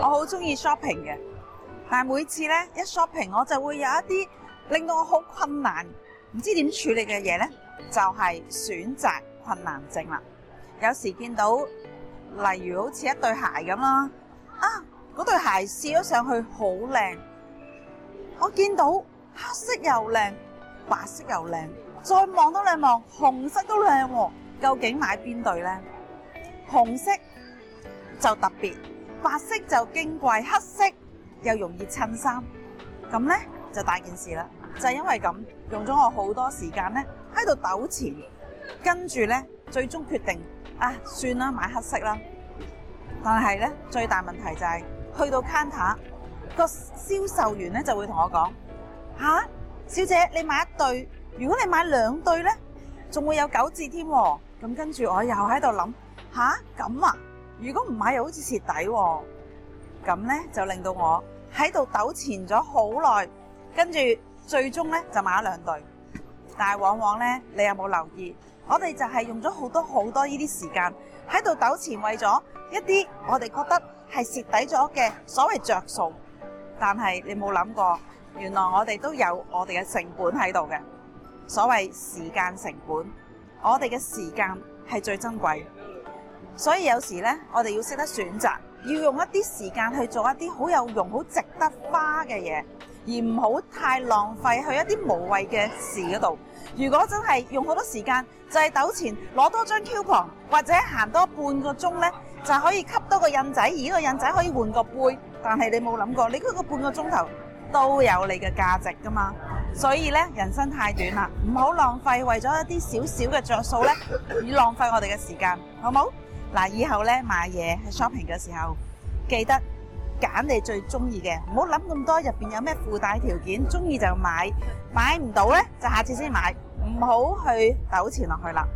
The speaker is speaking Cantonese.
我好中意 shopping 嘅，但係每次咧一 shopping，我就會有一啲令到我好困難，唔知點處理嘅嘢咧，就係選擇困難症啦。有時見到例如好似一對鞋咁啦，啊，嗰對鞋試咗上去好靚，我見到黑色又靚，白色又靚，再望都靚望，紅色都靚，啊，究竟買邊對咧？紅色就特別。白色就矜貴，黑色又容易襯衫。咁呢，就大件事啦，就是、因為咁用咗我好多時間呢，喺度糾纏，跟住呢，最終決定啊算啦，買黑色啦。但係呢，最大問題就係、是、去到 counter 個銷售員呢就會同我講：，吓、啊、小姐你買一對，如果你買兩對呢，仲會有九折添。咁跟住我又喺度諗：吓咁啊！如果唔買又好似蝕底喎，咁呢就令到我喺度糾纏咗好耐，跟住最終呢，就買咗兩對。但係往往呢，你有冇留意？我哋就係用咗好多好多呢啲時間喺度糾纏，為咗一啲我哋覺得係蝕底咗嘅所謂着數。但係你冇諗過，原來我哋都有我哋嘅成本喺度嘅，所謂時間成本。我哋嘅時間係最珍貴。所以有時咧，我哋要識得選擇，要用一啲時間去做一啲好有用、好值得花嘅嘢，而唔好太浪費去一啲無謂嘅事嗰度。如果真係用好多時間，就係糾纏攞多張 coupon，或者行多半個鐘咧，就可以吸多個印仔。而呢個印仔可以換個杯，但係你冇諗過，你嗰個半個鐘頭都有你嘅價值㗎嘛？所以咧，人生太短啦，唔好浪費為咗一啲少少嘅着數咧，而浪費我哋嘅時間，好冇？嗱，以後呢買嘢喺 shopping 嘅時候，記得揀你最鍾意嘅，唔好諗咁多，入面有咩附帶條件，鍾意就買，買唔到呢就下次先買，唔好去糾纏落去啦。